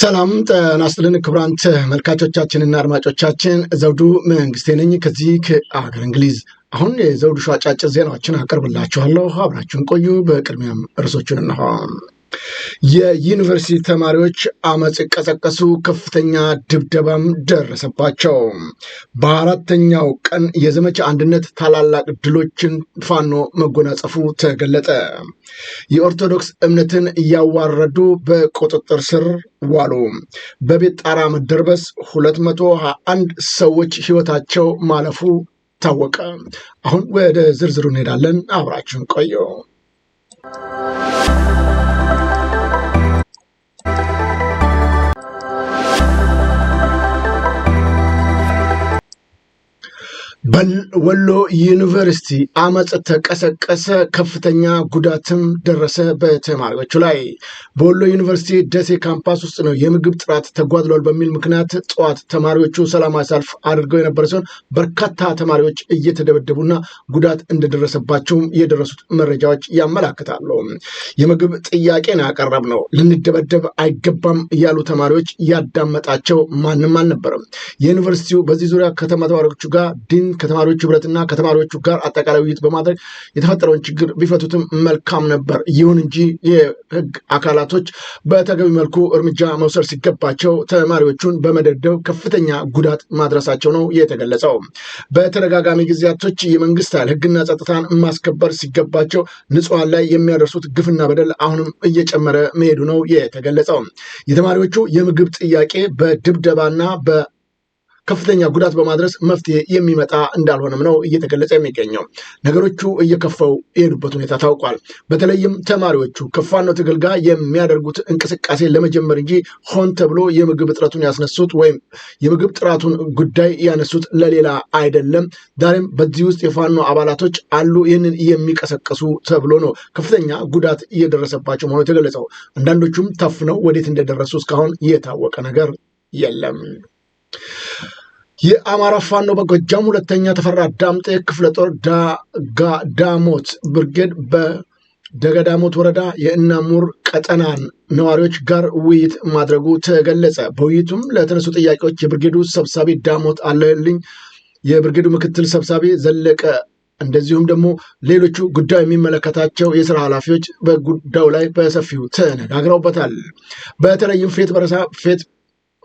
ሰላም ጤና ይስጥልን ክቡራን ተመልካቾቻችንና አድማጮቻችን ዘውዱ መንግስቴ ነኝ ከዚህ ከአገር እንግሊዝ። አሁን የዘውዱ ሾው አጫጭር ዜናዎችን አቀርብላችኋለሁ፣ አብራችሁን ቆዩ። በቅድሚያም እርሶቹን እንሆ የዩኒቨርሲቲ ተማሪዎች አመፅ ቀሰቀሱ፣ ከፍተኛ ድብደባም ደረሰባቸው። በአራተኛው ቀን የዘመቻ አንድነት ታላላቅ ድሎችን ፋኖ መጎናጸፉ ተገለጠ። የኦርቶዶክስ እምነትን እያዋረዱ በቁጥጥር ስር ዋሉ። በቤት ጣራ መደርበስ 221 ሰዎች ህይወታቸው ማለፉ ታወቀ። አሁን ወደ ዝርዝሩ እንሄዳለን። አብራችሁን ቆዩ። በወሎ ዩኒቨርሲቲ አመፅ ተቀሰቀሰ፣ ከፍተኛ ጉዳትም ደረሰ በተማሪዎቹ ላይ። በወሎ ዩኒቨርሲቲ ደሴ ካምፓስ ውስጥ ነው የምግብ ጥራት ተጓድሏል በሚል ምክንያት ጠዋት ተማሪዎቹ ሰላማዊ ሰልፍ አድርገው የነበረ ሲሆን በርካታ ተማሪዎች እየተደበደቡና ጉዳት እንደደረሰባቸውም የደረሱት መረጃዎች ያመላክታሉ። የምግብ ጥያቄን ያቀረብ ነው ልንደበደብ አይገባም ያሉ ተማሪዎች ያዳመጣቸው ማንም አልነበረም። የዩኒቨርሲቲው በዚህ ዙሪያ ከተማ ተማሪዎቹ ጋር ድንክ ከተማሪዎች ህብረትና ከተማሪዎቹ ጋር አጠቃላይ ውይይት በማድረግ የተፈጠረውን ችግር ቢፈቱትም መልካም ነበር። ይሁን እንጂ የህግ አካላቶች በተገቢ መልኩ እርምጃ መውሰድ ሲገባቸው ተማሪዎቹን በመደብደብ ከፍተኛ ጉዳት ማድረሳቸው ነው የተገለጸው። በተደጋጋሚ ጊዜያቶች የመንግስት ኃይል ህግና ጸጥታን ማስከበር ሲገባቸው ንጹሐን ላይ የሚያደርሱት ግፍና በደል አሁንም እየጨመረ መሄዱ ነው የተገለጸው። የተማሪዎቹ የምግብ ጥያቄ በድብደባና በ ከፍተኛ ጉዳት በማድረስ መፍትሄ የሚመጣ እንዳልሆነም ነው እየተገለጸ የሚገኘው። ነገሮቹ እየከፋው የሄዱበት ሁኔታ ታውቋል። በተለይም ተማሪዎቹ ከፋኖ ትግል ጋር የሚያደርጉት እንቅስቃሴ ለመጀመር እንጂ ሆን ተብሎ የምግብ እጥረቱን ያስነሱት ወይም የምግብ ጥራቱን ጉዳይ ያነሱት ለሌላ አይደለም። ዛሬም በዚህ ውስጥ የፋኖ አባላቶች አሉ። ይህንን የሚቀሰቀሱ ተብሎ ነው ከፍተኛ ጉዳት እየደረሰባቸው መሆኑ የተገለጸው። አንዳንዶቹም ተፍነው ወዴት እንደደረሱ እስካሁን የታወቀ ነገር የለም። የአማራ ፋኖ በጎጃም ሁለተኛ ተፈራ ዳምጤ ክፍለ ጦር ዳሞት ብርጌድ በደጋዳሞት ወረዳ የእናሙር ቀጠና ነዋሪዎች ጋር ውይይት ማድረጉ ተገለጸ። በውይይቱም ለተነሱ ጥያቄዎች የብርጌዱ ሰብሳቢ ዳሞት አለልኝ፣ የብርጌዱ ምክትል ሰብሳቢ ዘለቀ እንደዚሁም ደግሞ ሌሎቹ ጉዳዩ የሚመለከታቸው የስራ ኃላፊዎች በጉዳዩ ላይ በሰፊው ተነጋግረውበታል። በተለይም ፌት በረሳ ፌት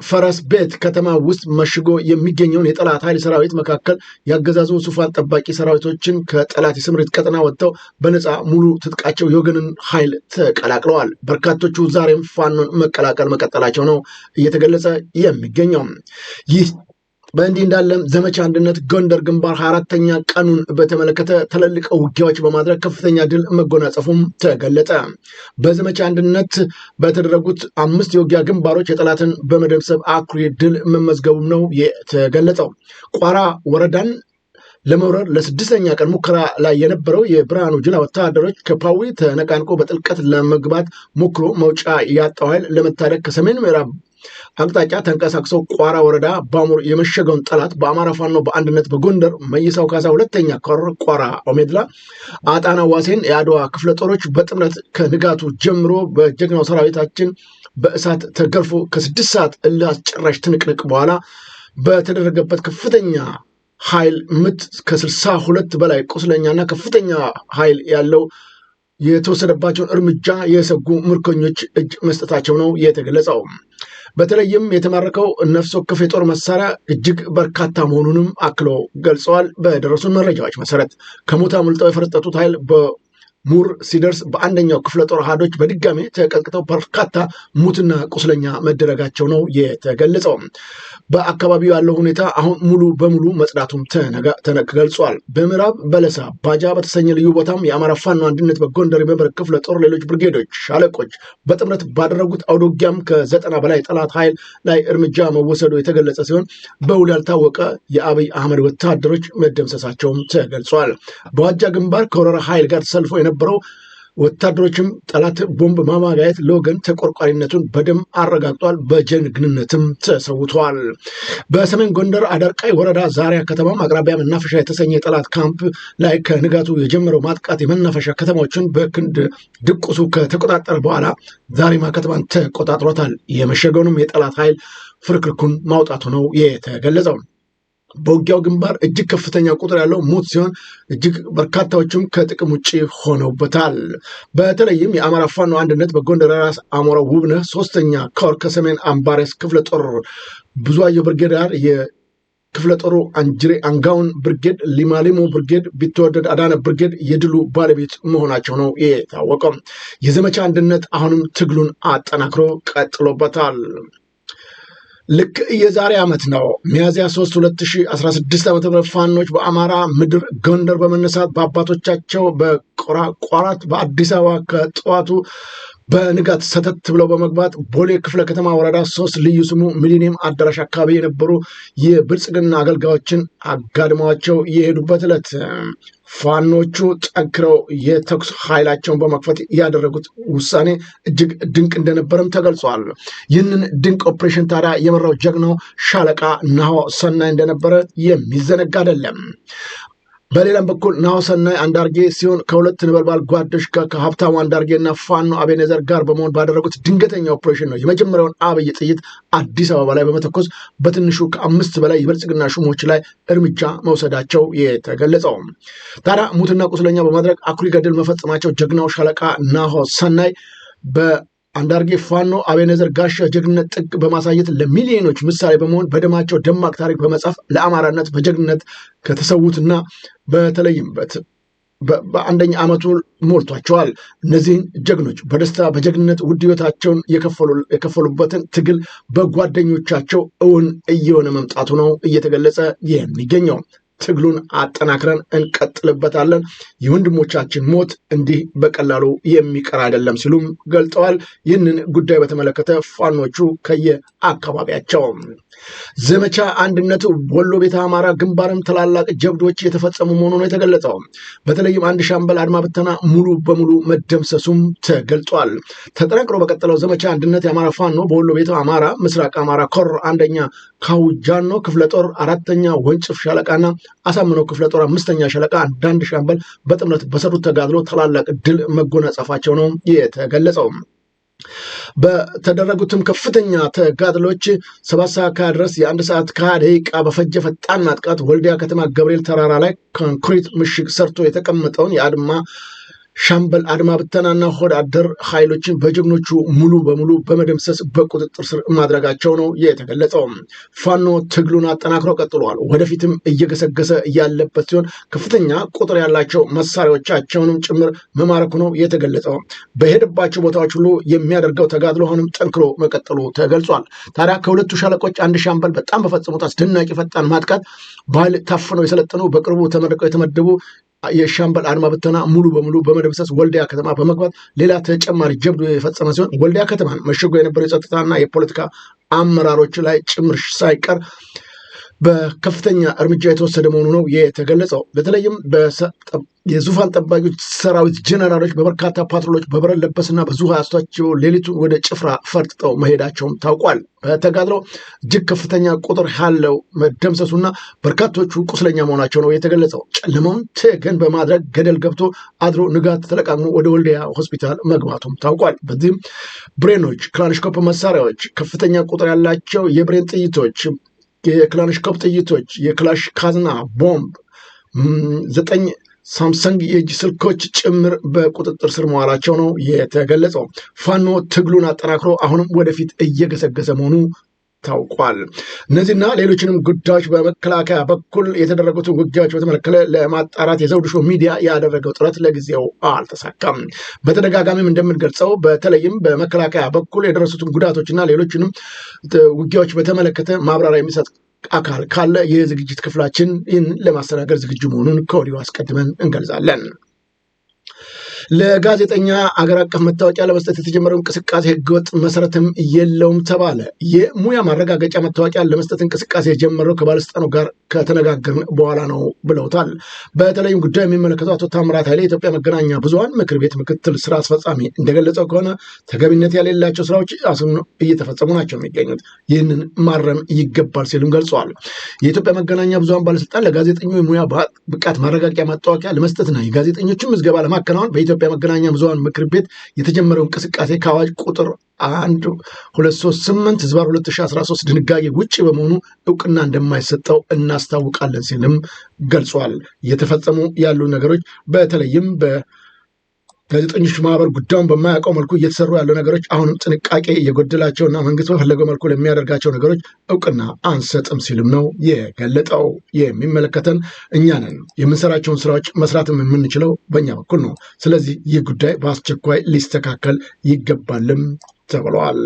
ፈረስ ቤት ከተማ ውስጥ መሽጎ የሚገኘውን የጠላት ኃይል ሰራዊት መካከል ያገዛዙ ሱፋን ጠባቂ ሰራዊቶችን ከጠላት የስምሪት ቀጠና ወጥተው በነፃ ሙሉ ትጥቃቸው የወገንን ኃይል ተቀላቅለዋል። በርካቶቹ ዛሬም ፋኖን መቀላቀል መቀጠላቸው ነው እየተገለጸ የሚገኘው ይህ በእንዲህ እንዳለም ዘመቻ አንድነት ጎንደር ግንባር ሀያ አራተኛ ቀኑን በተመለከተ ትልልቅ ውጊያዎች በማድረግ ከፍተኛ ድል መጎናጸፉም ተገለጠ። በዘመቻ አንድነት በተደረጉት አምስት የውጊያ ግንባሮች የጠላትን በመደምሰብ አኩሪ ድል መመዝገቡም ነው የተገለጸው። ቋራ ወረዳን ለመውረር ለስድስተኛ ቀን ሙከራ ላይ የነበረው የብርሃኑ ጅላ ወታደሮች ከፓዊ ተነቃንቆ በጥልቀት ለመግባት ሞክሮ መውጫ ያጣው ኃይል ለመታደግ ከሰሜን ምዕራብ አቅጣጫ ተንቀሳቅሰው ቋራ ወረዳ ባሙር የመሸገውን ጠላት በአማራ ፋኖ በአንድነት በጎንደር መይሳው ካሳ ሁለተኛ ኮር ቋራ ኦሜድላ አጣና ዋሴን የአድዋ ክፍለ ጦሮች በጥምረት ከንጋቱ ጀምሮ በጀግናው ሰራዊታችን በእሳት ተገርፎ ከስድስት ሰዓት እልህ አስጨራሽ ትንቅንቅ በኋላ በተደረገበት ከፍተኛ ኃይል ምት ከስልሳ ሁለት በላይ ቁስለኛና ከፍተኛ ኃይል ያለው የተወሰደባቸውን እርምጃ የሰጉ ምርኮኞች እጅ መስጠታቸው ነው የተገለጸው። በተለይም የተማረከው ነፍስ ወከፍ የጦር መሳሪያ እጅግ በርካታ መሆኑንም አክለው ገልጸዋል። በደረሱን መረጃዎች መሰረት ከሞት አምልጠው የፈረጠጡት ኃይል ሙር ሲደርስ በአንደኛው ክፍለ ጦር አሃዶች በድጋሜ ተቀጥቅተው በርካታ ሙትና ቁስለኛ መደረጋቸው ነው የተገለጸው። በአካባቢው ያለው ሁኔታ አሁን ሙሉ በሙሉ መጽዳቱም ተገልጿል። በምዕራብ በለሳ ባጃ በተሰኘ ልዩ ቦታም የአማራ ፋኖ አንድነት በጎንደር የመብረቅ ክፍለ ጦር ሌሎች ብርጌዶች፣ ሻለቆች በጥምረት ባደረጉት አውዶጊያም ከዘጠና በላይ ጠላት ኃይል ላይ እርምጃ መወሰዱ የተገለጸ ሲሆን በውል ያልታወቀ የአብይ አህመድ ወታደሮች መደምሰሳቸውም ተገልጿል። በዋጃ ግንባር ከወረራ ኃይል ጋር ተሰልፎ የነበረው ወታደሮችም ጠላት ቦምብ ማማጋየት ለወገን ተቆርቋሪነቱን በደም አረጋግጧል። በጀግንነትም ተሰውቷል። በሰሜን ጎንደር አደርቃይ ወረዳ ዛሪያ ከተማ አቅራቢያ መናፈሻ የተሰኘ የጠላት ካምፕ ላይ ከንጋቱ የጀመረው ማጥቃት የመናፈሻ ከተማዎችን በክንድ ድቁሱ ከተቆጣጠረ በኋላ ዛሪማ ከተማን ተቆጣጥሯታል። የመሸገውንም የጠላት ኃይል ፍርክርኩን ማውጣቱ ነው የተገለጸው። በውጊያው ግንባር እጅግ ከፍተኛ ቁጥር ያለው ሞት ሲሆን እጅግ በርካታዎችም ከጥቅም ውጭ ሆነውበታል። በተለይም የአማራ ፋኖ አንድነት በጎንደር ራስ አሞራ ውብነህ ሶስተኛ ከወር ከሰሜን አምባሬስ ክፍለ ጦር ብዙ አየሁ ብርጌዳር ክፍለ ጦሩ አንጅሬ አንጋውን ብርጌድ፣ ሊማሊሞ ብርጌድ፣ ቢትወደድ አዳነ ብርጌድ የድሉ ባለቤት መሆናቸው ነው የታወቀው። የዘመቻ አንድነት አሁንም ትግሉን አጠናክሮ ቀጥሎበታል። ልክ የዛሬ ዓመት ነው ሚያዝያ 3 2016 ዓ ም ፋኖች በአማራ ምድር ጎንደር በመነሳት በአባቶቻቸው በቋራት በአዲስ አበባ ከጠዋቱ በንጋት ሰተት ብለው በመግባት ቦሌ ክፍለ ከተማ ወረዳ ሶስት ልዩ ስሙ ሚሊኒየም አዳራሽ አካባቢ የነበሩ የብልጽግና አገልጋዮችን አጋድመዋቸው የሄዱበት ዕለት ፋኖቹ ጠንክረው የተኩስ ኃይላቸውን በመክፈት ያደረጉት ውሳኔ እጅግ ድንቅ እንደነበረም ተገልጿል። ይህንን ድንቅ ኦፕሬሽን ታዲያ የመራው ጀግናው ሻለቃ ናሆ ሰናይ እንደነበረ የሚዘነጋ አይደለም። በሌላም በኩል ናሆሰናይ አንዳርጌ ሲሆን ከሁለት ነበልባል ጓዶች ጋር ከሀብታሙ አንዳርጌና ፋኖ አቤኔዘር ጋር በመሆን ባደረጉት ድንገተኛ ኦፕሬሽን ነው የመጀመሪያውን አብይ ጥይት አዲስ አበባ ላይ በመተኮስ በትንሹ ከአምስት በላይ የብልጽግና ሹሞች ላይ እርምጃ መውሰዳቸው የተገለጸው። ታዲያ ሙትና ቁስለኛ በማድረግ አኩሪ ገድል መፈጸማቸው ጀግናው ሻለቃ ናሆሰናይ በ አንዳርጌ ፋኖ አቤነዘር ጋሻ ጀግንነት ጥግ በማሳየት ለሚሊዮኖች ምሳሌ በመሆን በደማቸው ደማቅ ታሪክ በመጻፍ ለአማራነት በጀግንነት ከተሰዉትና በተለይም በአንደኛ ዓመቱ ሞልቷቸዋል። እነዚህን ጀግኖች በደስታ በጀግንነት ውድ ሕይወታቸውን የከፈሉበትን ትግል በጓደኞቻቸው እውን እየሆነ መምጣቱ ነው እየተገለጸ የሚገኘው። ትግሉን አጠናክረን እንቀጥልበታለን። የወንድሞቻችን ሞት እንዲህ በቀላሉ የሚቀር አይደለም ሲሉም ገልጠዋል። ይህንን ጉዳይ በተመለከተ ፋኖቹ ከየአካባቢያቸው ዘመቻ አንድነት ወሎ ቤተ አማራ ግንባርም ትላላቅ ጀብዶች የተፈጸሙ መሆኑ ነው የተገለጸው። በተለይም አንድ ሻምበል አድማ ብተና ሙሉ በሙሉ መደምሰሱም ተገልጿል። ተጠናክሮ በቀጠለው ዘመቻ አንድነት የአማራ ፋኖ በወሎ ቤተ አማራ ምስራቅ አማራ ኮር አንደኛ ካውጃኖ ክፍለ ጦር አራተኛ ወንጭፍ ሻለቃና አሳምነው ክፍለ ጦር አምስተኛ ሻለቃ አንዳንድ ሻምበል በጥምረት በሰሩት ተጋድሎ ታላላቅ ድል መጎናጸፋቸው ነው የተገለጸው። በተደረጉትም ከፍተኛ ተጋድሎች ሰባት ሰዓት ካ ድረስ የአንድ ሰዓት ከሃያ ደቂቃ በፈጀ ፈጣን ማጥቃት ወልዲያ ከተማ ገብርኤል ተራራ ላይ ኮንክሪት ምሽግ ሰርቶ የተቀመጠውን የአድማ ሻምበል አድማ ብተናና ሆዳደር ኃይሎችን በጀግኖቹ ሙሉ በሙሉ በመደምሰስ በቁጥጥር ስር ማድረጋቸው ነው የተገለጸው። ፋኖ ትግሉን አጠናክሮ ቀጥሏል። ወደፊትም እየገሰገሰ ያለበት ሲሆን ከፍተኛ ቁጥር ያላቸው መሳሪያዎቻቸውንም ጭምር መማረኩ ነው የተገለጸው። በሄደባቸው ቦታዎች ሁሉ የሚያደርገው ተጋድሎ አሁንም ጠንክሮ መቀጠሉ ተገልጿል። ታዲያ ከሁለቱ ሻለቆች አንድ ሻምበል በጣም በፈጸሙት አስደናቂ ፈጣን ማጥቃት ባህል ታፍነው የሰለጠኑ በቅርቡ ተመርቀው የተመደቡ የሻምበል አድማ ብተና ሙሉ በሙሉ በመደምሰስ ወልዲያ ከተማ በመግባት ሌላ ተጨማሪ ጀብዱ የፈጸመ ሲሆን ወልዲያ ከተማን መሽጎ የነበረው የጸጥታና የፖለቲካ አመራሮች ላይ ጭምር ሳይቀር በከፍተኛ እርምጃ የተወሰደ መሆኑ ነው የተገለጸው። በተለይም የዙፋን ጠባቂዎች ሰራዊት ጀነራሎች በበርካታ ፓትሮሎች በበረን ለበስና በዙ አስቷቸው ሌሊቱ ወደ ጭፍራ ፈርጥጠው መሄዳቸውም ታውቋል። በተጋድሎ እጅግ ከፍተኛ ቁጥር ያለው መደምሰሱና በርካቶቹ ቁስለኛ መሆናቸው ነው የተገለጸው። ጨለማውን ተገን በማድረግ ገደል ገብቶ አድሮ ንጋት ተለቃቅሞ ወደ ወልዲያ ሆስፒታል መግባቱም ታውቋል። በዚህም ብሬኖች፣ ክላሽንኮቭ መሳሪያዎች፣ ከፍተኛ ቁጥር ያላቸው የብሬን ጥይቶች የክላሽንኮቭ ጥይቶች፣ የክላሽ ካዝና ቦምብ፣ ዘጠኝ ሳምሰንግ የእጅ ስልኮች ጭምር በቁጥጥር ስር መዋላቸው ነው የተገለጸው። ፋኖ ትግሉን አጠናክሮ አሁንም ወደፊት እየገሰገሰ መሆኑ ታውቋል። እነዚህና ሌሎችንም ጉዳዮች በመከላከያ በኩል የተደረጉትን ውጊያዎች በተመለከለ ለማጣራት የዘውዱ ሾው ሚዲያ ያደረገው ጥረት ለጊዜው አልተሳካም። በተደጋጋሚም እንደምንገልጸው በተለይም በመከላከያ በኩል የደረሱትን ጉዳቶችና ሌሎችንም ውጊያዎች በተመለከተ ማብራሪያ የሚሰጥ አካል ካለ የዝግጅት ክፍላችን ይህን ለማስተናገድ ዝግጁ መሆኑን ከወዲሁ አስቀድመን እንገልጻለን። ለጋዜጠኛ አገር አቀፍ መታወቂያ ለመስጠት የተጀመረው እንቅስቃሴ ህገወጥ መሰረትም የለውም ተባለ። የሙያ ማረጋገጫ መታወቂያ ለመስጠት እንቅስቃሴ የጀመረው ከባለስልጣኑ ጋር ከተነጋገርን በኋላ ነው ብለውታል። በተለይም ጉዳይ የሚመለከተው አቶ ታምራት ኃይሌ የኢትዮጵያ መገናኛ ብዙሀን ምክር ቤት ምክትል ስራ አስፈጻሚ እንደገለጸው ከሆነ ተገቢነት የሌላቸው ስራዎች አሁን እየተፈጸሙ ናቸው የሚገኙት ይህንን ማረም ይገባል ሲልም ገልጸዋል። የኢትዮጵያ መገናኛ ብዙሀን ባለስልጣን ለጋዜጠኞ የሙያ ብቃት ማረጋገጫ መታወቂያ ለመስጠትና የጋዜጠኞችን ምዝገባ ለማከናወን በኢትዮ የኢትዮጵያ መገናኛ ብዙሃን ምክር ቤት የተጀመረው እንቅስቃሴ ከአዋጅ ቁጥር አንድ ሁለት ሶስት ስምንት ህዝባር ሁለት ሺ አስራ ሶስት ድንጋጌ ውጭ በመሆኑ እውቅና እንደማይሰጠው እናስታውቃለን ሲልም ገልጿል። እየተፈጸሙ ያሉ ነገሮች በተለይም በ ጋዜጠኞች ማህበር ጉዳዩን በማያውቀው መልኩ እየተሰሩ ያሉ ነገሮች አሁንም ጥንቃቄ እየጎደላቸውና መንግስት በፈለገው መልኩ ለሚያደርጋቸው ነገሮች እውቅና አንሰጥም ሲልም ነው የገለጠው። የሚመለከተን እኛ ነን። የምንሰራቸውን ስራዎች መስራትም የምንችለው በእኛ በኩል ነው። ስለዚህ ይህ ጉዳይ በአስቸኳይ ሊስተካከል ይገባልም ተብለዋል።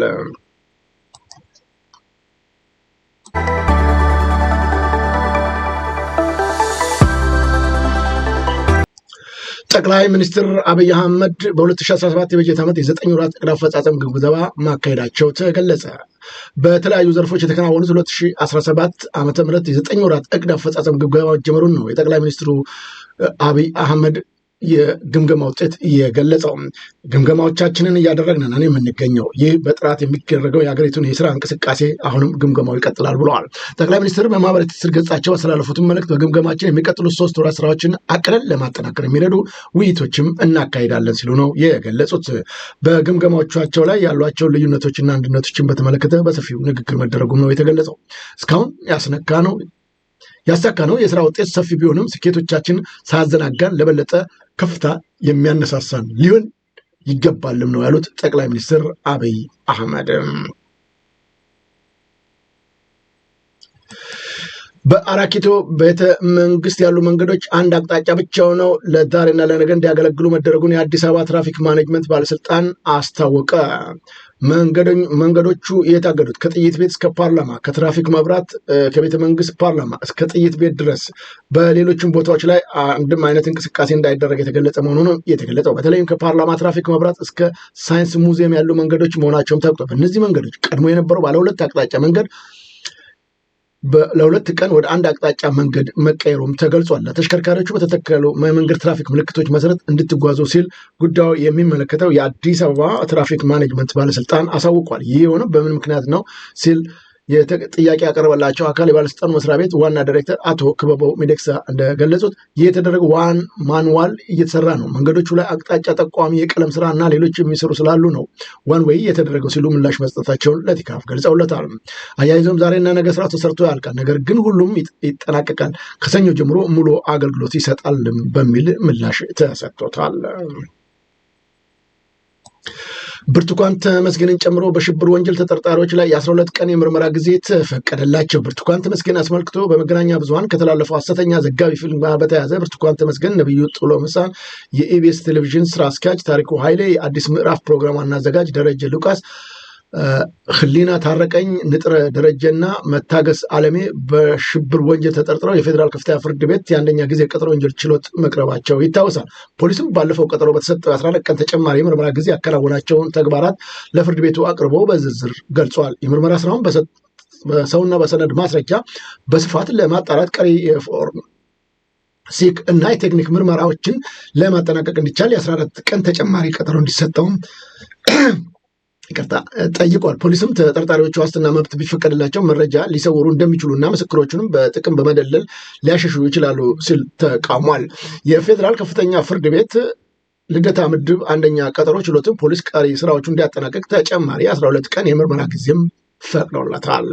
ጠቅላይ ሚኒስትር አብይ አህመድ በ2017 የበጀት ዓመት የዘጠኝ ወራት እቅድ አፈጻጸም ግምገማ ማካሄዳቸው ተገለጸ። በተለያዩ ዘርፎች የተከናወኑት 2017 ዓ ም የዘጠኝ ወራት እቅድ አፈጻጸም ግምገማ መጀመሩን ነው የጠቅላይ ሚኒስትሩ አብይ አህመድ የግምገማ ውጤት የገለጸው። ግምገማዎቻችንን እያደረግን ነን የምንገኘው። ይህ በጥራት የሚደረገው የሀገሪቱን የስራ እንቅስቃሴ አሁንም ግምገማው ይቀጥላል ብለዋል። ጠቅላይ ሚኒስትር በማህበራዊ ትስስር ገጻቸው አስተላለፉትን መልእክት በግምገማችን የሚቀጥሉት ሶስት ወራት ስራዎችን አቅለን ለማጠናከር የሚረዱ ውይይቶችም እናካሄዳለን ሲሉ ነው የገለጹት። በግምገማዎቻቸው ላይ ያሏቸውን ልዩነቶችና አንድነቶችን በተመለከተ በሰፊው ንግግር መደረጉም ነው የተገለጸው። እስካሁን ያስነካ ነው ያሳካነው የስራ ውጤት ሰፊ ቢሆንም ስኬቶቻችን ሳያዘናጋን ለበለጠ ከፍታ የሚያነሳሳን ሊሆን ይገባልም ነው ያሉት ጠቅላይ ሚኒስትር አብይ አህመድ። በአራኪቶ ቤተ መንግስት ያሉ መንገዶች አንድ አቅጣጫ ብቻ ሆነው ለዛሬና ለነገ እንዲያገለግሉ መደረጉን የአዲስ አበባ ትራፊክ ማኔጅመንት ባለስልጣን አስታወቀ። መንገዶቹ የታገዱት ከጥይት ቤት እስከ ፓርላማ፣ ከትራፊክ መብራት፣ ከቤተ መንግስት ፓርላማ እስከ ጥይት ቤት ድረስ በሌሎችም ቦታዎች ላይ አንድም አይነት እንቅስቃሴ እንዳይደረግ የተገለጸ መሆኑ ነው የተገለጸው። በተለይም ከፓርላማ ትራፊክ መብራት እስከ ሳይንስ ሙዚየም ያሉ መንገዶች መሆናቸውም ታውቋል። እነዚህ መንገዶች ቀድሞ የነበረው ባለ ሁለት አቅጣጫ መንገድ ለሁለት ቀን ወደ አንድ አቅጣጫ መንገድ መቀየሩም ተገልጿል። ለተሽከርካሪዎቹ በተተከሉ የመንገድ ትራፊክ ምልክቶች መሰረት እንድትጓዙ ሲል ጉዳዩ የሚመለከተው የአዲስ አበባ ትራፊክ ማኔጅመንት ባለስልጣን አሳውቋል። ይህ የሆነው በምን ምክንያት ነው ሲል ጥያቄ ያቀረበላቸው አካል የባለስልጣኑ መስሪያ ቤት ዋና ዳይሬክተር አቶ ክበበው ሚደክሳ እንደገለጹት ይህ የተደረገ ዋን ማንዋል እየተሰራ ነው። መንገዶቹ ላይ አቅጣጫ ጠቋሚ የቀለም ስራ እና ሌሎች የሚሰሩ ስላሉ ነው ዋን ወይ የተደረገው ሲሉ ምላሽ መስጠታቸውን ለቲካፍ ገልጸውለታል። አያይዞም ዛሬና ነገ ስራ ተሰርቶ ያልቃል፣ ነገር ግን ሁሉም ይጠናቀቃል፣ ከሰኞ ጀምሮ ሙሉ አገልግሎት ይሰጣል በሚል ምላሽ ተሰጥቶታል። ብርቱካን ተመስገንን ጨምሮ በሽብር ወንጀል ተጠርጣሪዎች ላይ የአስራ ሁለት ቀን የምርመራ ጊዜ ተፈቀደላቸው። ብርቱካን ተመስገን አስመልክቶ በመገናኛ ብዙኃን ከተላለፈው ሐሰተኛ ዘጋቢ ፊልም ጋር በተያያዘ ብርቱካን ተመስገን፣ ጥሎ ምሳን፣ የኢቢኤስ ቴሌቪዥን ስራ አስኪያጅ፣ ታሪኩ ኃይሌ የአዲስ ምዕራፍ ፕሮግራም ዋና አዘጋጅ፣ ደረጀ ሉቃስ ህሊና ታረቀኝ፣ ንጥረ ደረጀና መታገስ አለሜ በሽብር ወንጀል ተጠርጥረው የፌዴራል ከፍተኛ ፍርድ ቤት የአንደኛ ጊዜ ቀጠሮ ወንጀል ችሎት መቅረባቸው ይታወሳል። ፖሊስም ባለፈው ቀጠሮ በተሰጠው 14 ቀን ተጨማሪ የምርመራ ጊዜ ያከናወናቸውን ተግባራት ለፍርድ ቤቱ አቅርቦ በዝርዝር ገልጿል። የምርመራ ስራውን በሰውና በሰነድ ማስረጃ በስፋት ለማጣራት ቀሪ ሲክ እና የቴክኒክ ምርመራዎችን ለማጠናቀቅ እንዲቻል የ14 ቀን ተጨማሪ ቀጠሮ እንዲሰጠውም ይቅርታ ጠይቋል። ፖሊስም ተጠርጣሪዎቹ ዋስትና መብት ቢፈቀድላቸው መረጃ ሊሰውሩ እንደሚችሉና ምስክሮቹንም በጥቅም በመደለል ሊያሸሹ ይችላሉ ሲል ተቃውሟል። የፌዴራል ከፍተኛ ፍርድ ቤት ልደታ ምድብ አንደኛ ቀጠሮ ችሎትም ፖሊስ ቀሪ ስራዎቹ እንዲያጠናቀቅ ተጨማሪ 12 ቀን የምርመራ ጊዜም ፈቅዶለታል።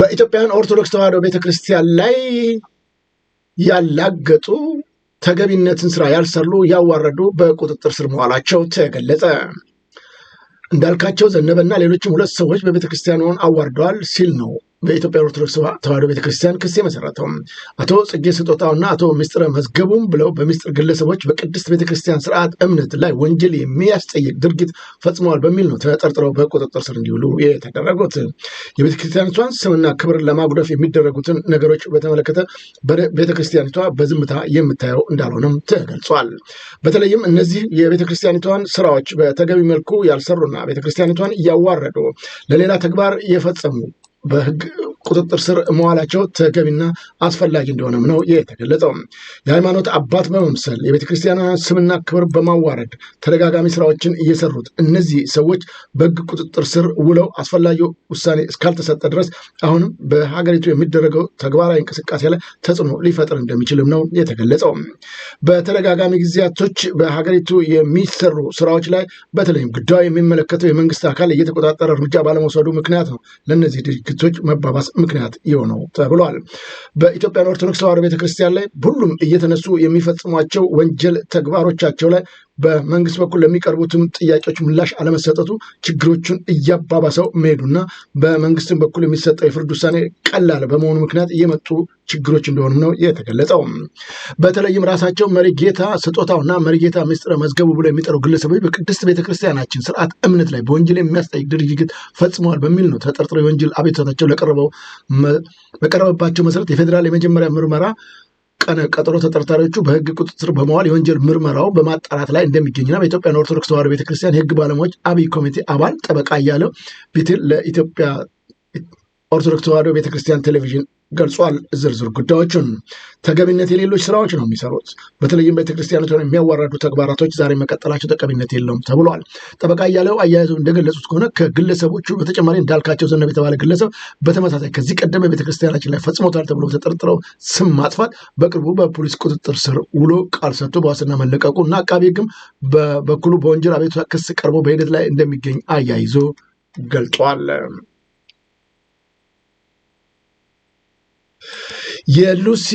በኢትዮጵያን ኦርቶዶክስ ተዋሕዶ ቤተክርስቲያን ላይ ያላገጡ ተገቢነትን ስራ ያልሰሩ ያዋረዱ በቁጥጥር ስር መዋላቸው ተገለጸ። እንዳልካቸው ዘነበና ሌሎችም ሁለት ሰዎች በቤተክርስቲያኑን አዋርደዋል ሲል ነው በኢትዮጵያ ኦርቶዶክስ ተዋሕዶ ቤተክርስቲያን ክስ የመሰረተው አቶ ጽጌ ስጦታውና አቶ ምስጢረ መዝገቡም ብለው በምስጢር ግለሰቦች በቅድስት ቤተክርስቲያን ስርዓት እምነት ላይ ወንጀል የሚያስጠይቅ ድርጊት ፈጽመዋል በሚል ነው ተጠርጥረው በቁጥጥር ስር እንዲውሉ የተደረጉት። የቤተክርስቲያኒቷን ስምና ክብር ለማጉደፍ የሚደረጉትን ነገሮች በተመለከተ ቤተክርስቲያኒቷ በዝምታ የምታየው እንዳልሆነም ተገልጿል። በተለይም እነዚህ የቤተክርስቲያኒቷን ስራዎች በተገቢ መልኩ ያልሰሩና ቤተክርስቲያኒቷን እያዋረዱ ለሌላ ተግባር የፈጸሙ በህግ ቁጥጥር ስር መዋላቸው ተገቢና አስፈላጊ እንደሆነም ነው የተገለጸው። የሃይማኖት አባት በመምሰል የቤተ ክርስቲያን ስምና ክብር በማዋረድ ተደጋጋሚ ስራዎችን እየሰሩት እነዚህ ሰዎች በህግ ቁጥጥር ስር ውለው አስፈላጊ ውሳኔ እስካልተሰጠ ድረስ አሁንም በሀገሪቱ የሚደረገው ተግባራዊ እንቅስቃሴ ላይ ተጽዕኖ ሊፈጥር እንደሚችልም ነው የተገለጸው። በተደጋጋሚ ጊዜያቶች በሀገሪቱ የሚሰሩ ስራዎች ላይ በተለይም ጉዳዩ የሚመለከተው የመንግስት አካል እየተቆጣጠረ እርምጃ ባለመውሰዱ ምክንያት ነው ለእነዚህ ግጭቶች መባባስ ምክንያት የሆነው ተብሏል። በኢትዮጵያ ኦርቶዶክስ ተዋሕዶ ቤተክርስቲያን ላይ ሁሉም እየተነሱ የሚፈጽሟቸው ወንጀል ተግባሮቻቸው ላይ በመንግስት በኩል ለሚቀርቡትም ጥያቄዎች ምላሽ አለመሰጠቱ ችግሮቹን እያባባሰው መሄዱና በመንግስትም በኩል የሚሰጠው የፍርድ ውሳኔ ቀላል በመሆኑ ምክንያት እየመጡ ችግሮች እንደሆኑም ነው የተገለጸው። በተለይም ራሳቸው መሪጌታ ስጦታውና መሪጌታ ምስጢረ መዝገቡ ብሎ የሚጠሩ ግለሰቦች በቅድስት ቤተክርስቲያናችን ስርዓት እምነት ላይ በወንጀል የሚያስጠይቅ ድርጊት ፈጽመዋል በሚል ነው ተጠርጥረው የወንጀል አቤቱታቸው ለቀረበው በቀረበባቸው መሰረት የፌዴራል የመጀመሪያ ምርመራ ቀነ ቀጠሮ ተጠርጣሪዎቹ በህግ ቁጥጥር በመዋል የወንጀል ምርመራው በማጣራት ላይ እንደሚገኝና በኢትዮጵያ ኦርቶዶክስ ተዋሕዶ ቤተክርስቲያን የህግ ባለሙያዎች አብይ ኮሚቴ አባል ጠበቃ እያለው ቢትል ለኢትዮጵያ ኦርቶዶክስ ተዋሕዶ ቤተክርስቲያን ቴሌቪዥን ገልጿል። ዝርዝር ጉዳዮቹን ተገቢነት የሌሎች ስራዎች ነው የሚሰሩት። በተለይም ቤተክርስቲያኒቱን የሚያዋረዱ ተግባራቶች ዛሬ መቀጠላቸው ተገቢነት የለውም ተብሏል። ጠበቃ እያለው አያይዘው እንደገለጹት ከሆነ ከግለሰቦቹ በተጨማሪ እንዳልካቸው ዘነብ የተባለ ግለሰብ በተመሳሳይ ከዚህ ቀደም ቤተክርስቲያናችን ላይ ፈጽሞታል ተብሎ ተጠርጥረው ስም ማጥፋት በቅርቡ በፖሊስ ቁጥጥር ስር ውሎ ቃል ሰጥቶ በዋስና መለቀቁ እና አቃቢ ህግም በበኩሉ በወንጀል አቤቱታ ክስ ቀርቦ በሂደት ላይ እንደሚገኝ አያይዞ ገልጧል። የሉሲ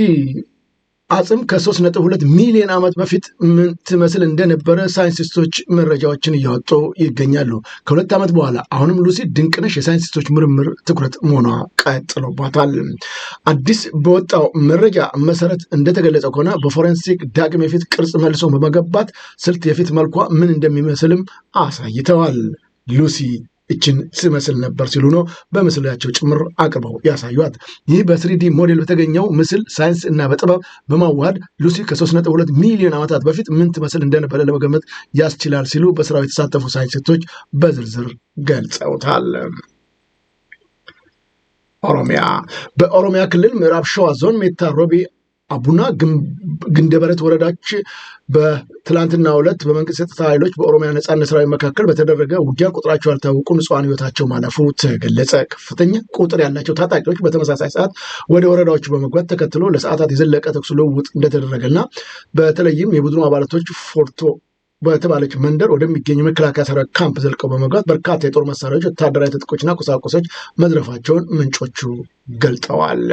አጽም ከ3.2 ሚሊዮን ዓመት በፊት ምን ትመስል እንደነበረ ሳይንቲስቶች መረጃዎችን እያወጡ ይገኛሉ። ከሁለት ዓመት በኋላ አሁንም ሉሲ ድንቅነሽ የሳይንቲስቶች ምርምር ትኩረት መሆኗ ቀጥሎባታል። አዲስ በወጣው መረጃ መሰረት እንደተገለጸው ከሆነ በፎረንሲክ ዳግም የፊት ቅርጽ መልሶ በመገባት ስልት የፊት መልኳ ምን እንደሚመስልም አሳይተዋል። ሉሲ እችን ስመስል ነበር ሲሉ ነው በምስላቸው ጭምር አቅርበው ያሳዩት። ይህ በስሪዲ ሞዴል በተገኘው ምስል ሳይንስ እና በጥበብ በማዋሃድ ሉሲ ከ3.2 ሚሊዮን ዓመታት በፊት ምን ትመስል እንደነበረ ለመገመት ያስችላል ሲሉ በስራው የተሳተፉ ሳይንቲስቶች በዝርዝር ገልጸውታል። ኦሮሚያ በኦሮሚያ ክልል ምዕራብ ሸዋ ዞን ሜታ ሮቢ አቡና ግንደበረት ወረዳች በትላንትና ሁለት በመንግስት ጸጥታ ኃይሎች በኦሮሚያ ነጻነት ሰራዊት መካከል በተደረገ ውጊያ ቁጥራቸው ያልታወቁ ንጹሐን ህይወታቸው ማለፉ ተገለጸ። ከፍተኛ ቁጥር ያላቸው ታጣቂዎች በተመሳሳይ ሰዓት ወደ ወረዳዎቹ በመግባት ተከትሎ ለሰዓታት የዘለቀ ተኩስ ልውውጥ እንደተደረገና በተለይም የቡድኑ አባላቶች ፎርቶ በተባለች መንደር ወደሚገኝ መከላከያ ሰራ ካምፕ ዘልቀው በመግባት በርካታ የጦር መሳሪያዎች፣ ወታደራዊ ትጥቆችና ቁሳቁሶች መዝረፋቸውን ምንጮቹ ገልጠዋል።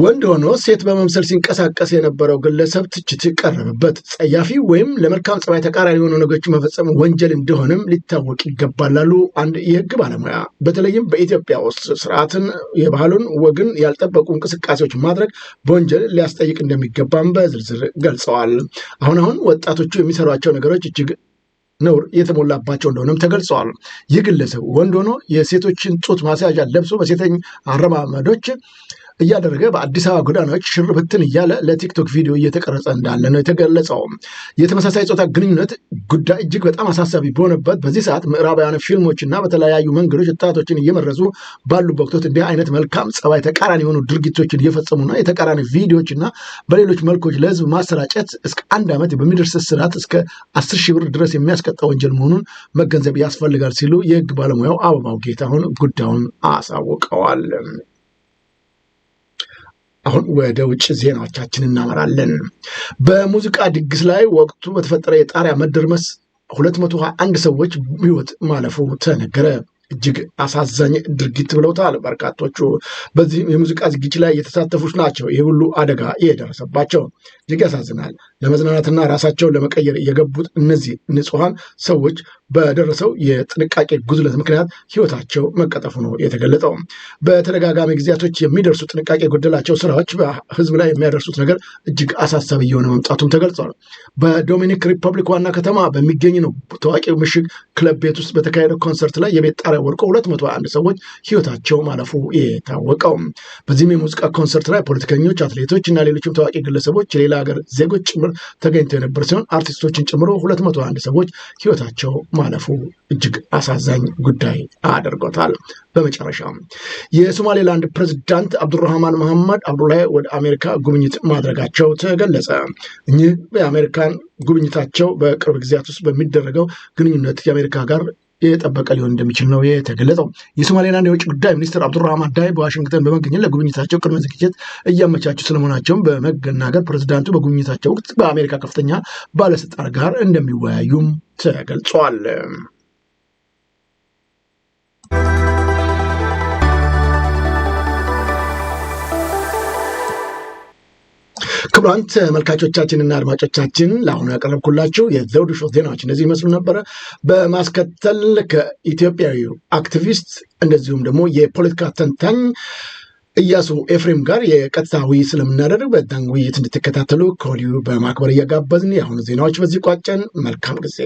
ወንድ ሆኖ ሴት በመምሰል ሲንቀሳቀስ የነበረው ግለሰብ ትችት ቀረበበት። ጸያፊ ወይም ለመልካም ጸባይ ተቃራኒ የሆኑ ነገሮች መፈጸም ወንጀል እንደሆነም ሊታወቅ ይገባል ላሉ አንድ የህግ ባለሙያ በተለይም በኢትዮጵያ ውስጥ ስርዓትን፣ የባህሉን፣ ወግን ያልጠበቁ እንቅስቃሴዎች ማድረግ በወንጀል ሊያስጠይቅ እንደሚገባም በዝርዝር ገልጸዋል። አሁን አሁን ወጣቶቹ የሚሰሯቸው ነገሮች እጅግ ነውር የተሞላባቸው እንደሆነም ተገልጸዋል። ይህ ግለሰብ ወንድ ሆኖ የሴቶችን ጡት ማስያዣ ለብሶ በሴተኝ አረማመዶች እያደረገ በአዲስ አበባ ጎዳናዎች ሽርብትን እያለ ለቲክቶክ ቪዲዮ እየተቀረጸ እንዳለ ነው የተገለጸው። የተመሳሳይ ፆታ ግንኙነት ጉዳይ እጅግ በጣም አሳሳቢ በሆነበት በዚህ ሰዓት ምዕራባውያን ፊልሞችና በተለያዩ መንገዶች ወጣቶችን እየመረዙ ባሉበት ወቅቶች እንዲህ አይነት መልካም ጸባይ ተቃራኒ የሆኑ ድርጊቶችን እየፈጸሙና የተቃራኒ እና በሌሎች መልኮች ለህዝብ ማሰራጨት እስከ አንድ ዓመት በሚደርስ እስራት እስከ አስር ሺህ ብር ድረስ የሚያስቀጣ ወንጀል መሆኑን መገንዘብ ያስፈልጋል ሲሉ የህግ ባለሙያው አበባው ጌታሁን ጉዳዩን አሳውቀዋል። አሁን ወደ ውጭ ዜናዎቻችን እናመራለን። በሙዚቃ ድግስ ላይ ወቅቱ በተፈጠረ የጣሪያ መደርመስ 221 ሰዎች ህይወት ማለፉ ተነገረ። እጅግ አሳዛኝ ድርጊት ብለውታል በርካቶቹ። በዚህ የሙዚቃ ዝግጅት ላይ የተሳተፉች ናቸው ይህ ሁሉ አደጋ የደረሰባቸው። እጅግ ያሳዝናል። ለመዝናናትና ራሳቸውን ለመቀየር የገቡት እነዚህ ንጹሐን ሰዎች በደረሰው የጥንቃቄ ጉድለት ምክንያት ህይወታቸው መቀጠፉ ነው የተገለጠው። በተደጋጋሚ ጊዜያቶች የሚደርሱ ጥንቃቄ የጎደላቸው ስራዎች በህዝብ ላይ የሚያደርሱት ነገር እጅግ አሳሳቢ የሆነ መምጣቱም ተገልጿል። በዶሚኒክ ሪፐብሊክ ዋና ከተማ በሚገኝ ነው ታዋቂ ምሽግ ክለብ ቤት ውስጥ በተካሄደው ኮንሰርት ላይ የቤት ጣሪያ ወድቆ 201 ሰዎች ህይወታቸው ማለፉ የታወቀው በዚህም የሙዚቃ ኮንሰርት ላይ ፖለቲከኞች፣ አትሌቶች እና ሌሎችም ታዋቂ ግለሰቦች የሌላ ሀገር ዜጎች ጭምር ተገኝተው የነበር ሲሆን አርቲስቶችን ጨምሮ 201 ሰዎች ህይወታቸው ማለፉ እጅግ አሳዛኝ ጉዳይ አድርጎታል። በመጨረሻ የሶማሌላንድ ፕሬዝዳንት አብዱራህማን መሐመድ አብዱላይ ወደ አሜሪካ ጉብኝት ማድረጋቸው ተገለጸ። እኚህ የአሜሪካን ጉብኝታቸው በቅርብ ጊዜያት ውስጥ በሚደረገው ግንኙነት የአሜሪካ ጋር የጠበቀ ሊሆን እንደሚችል ነው የተገለጸው። የሶማሌላንድ የውጭ ጉዳይ ሚኒስትር አብዱራህማን ዳይ በዋሽንግተን በመገኘት ለጉብኝታቸው ቅድመ ዝግጅት እያመቻቹ ስለመሆናቸውም በመገናገር ፕሬዚዳንቱ በጉብኝታቸው ወቅት በአሜሪካ ከፍተኛ ባለስልጣን ጋር እንደሚወያዩም ተገልጿል። ክቡራን ተመልካቾቻችንና አድማጮቻችን ለአሁኑ ያቀረብኩላችሁ የዘውዱ ሾው ዜናዎች እነዚህ ይመስሉ ነበረ። በማስከተል ከኢትዮጵያዊ አክቲቪስት እንደዚሁም ደግሞ የፖለቲካ ተንታኝ እያሱ ኤፍሬም ጋር የቀጥታ ውይይት ስለምናደርግ በዛን ውይይት እንድትከታተሉ ከወዲሁ በማክበር እያጋበዝን የአሁኑ ዜናዎች በዚህ ቋጨን። መልካም ጊዜ